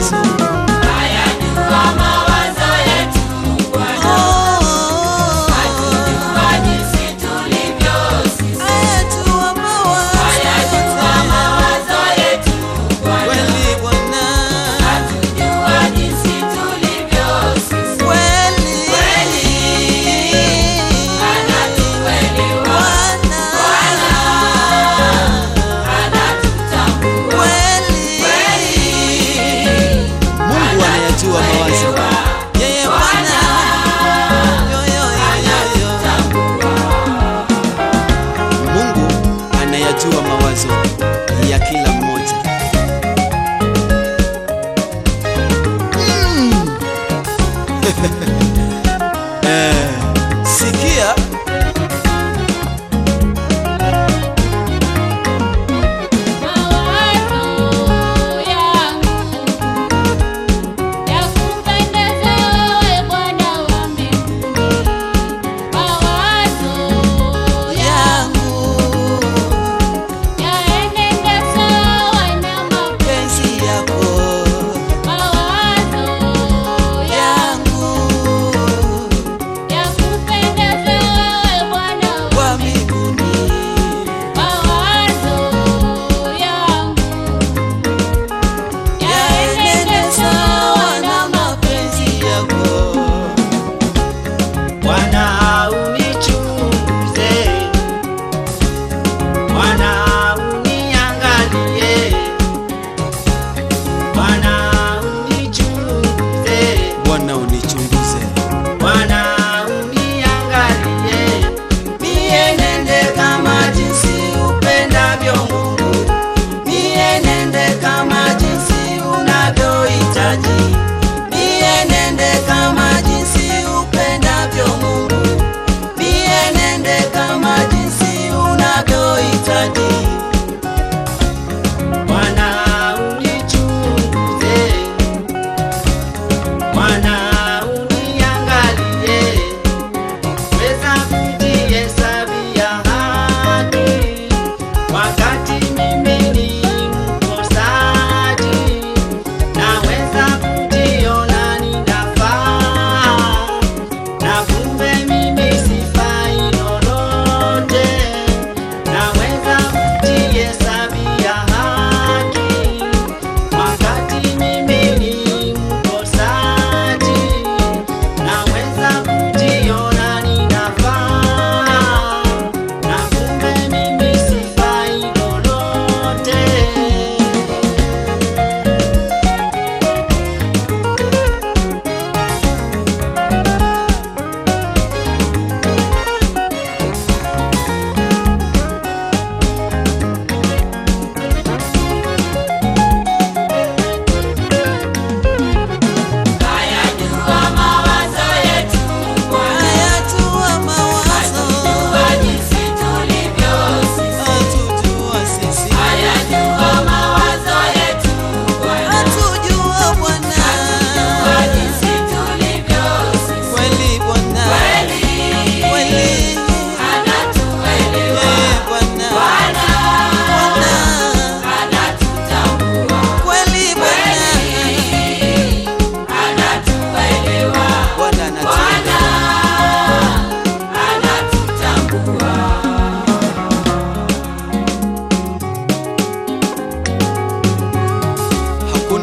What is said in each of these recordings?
us. Ha ha ha.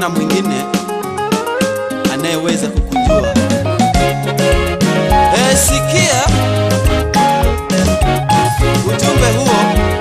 hakuna mwingine anayeweza kukujua. Hey, eh, sikia ujumbe huo.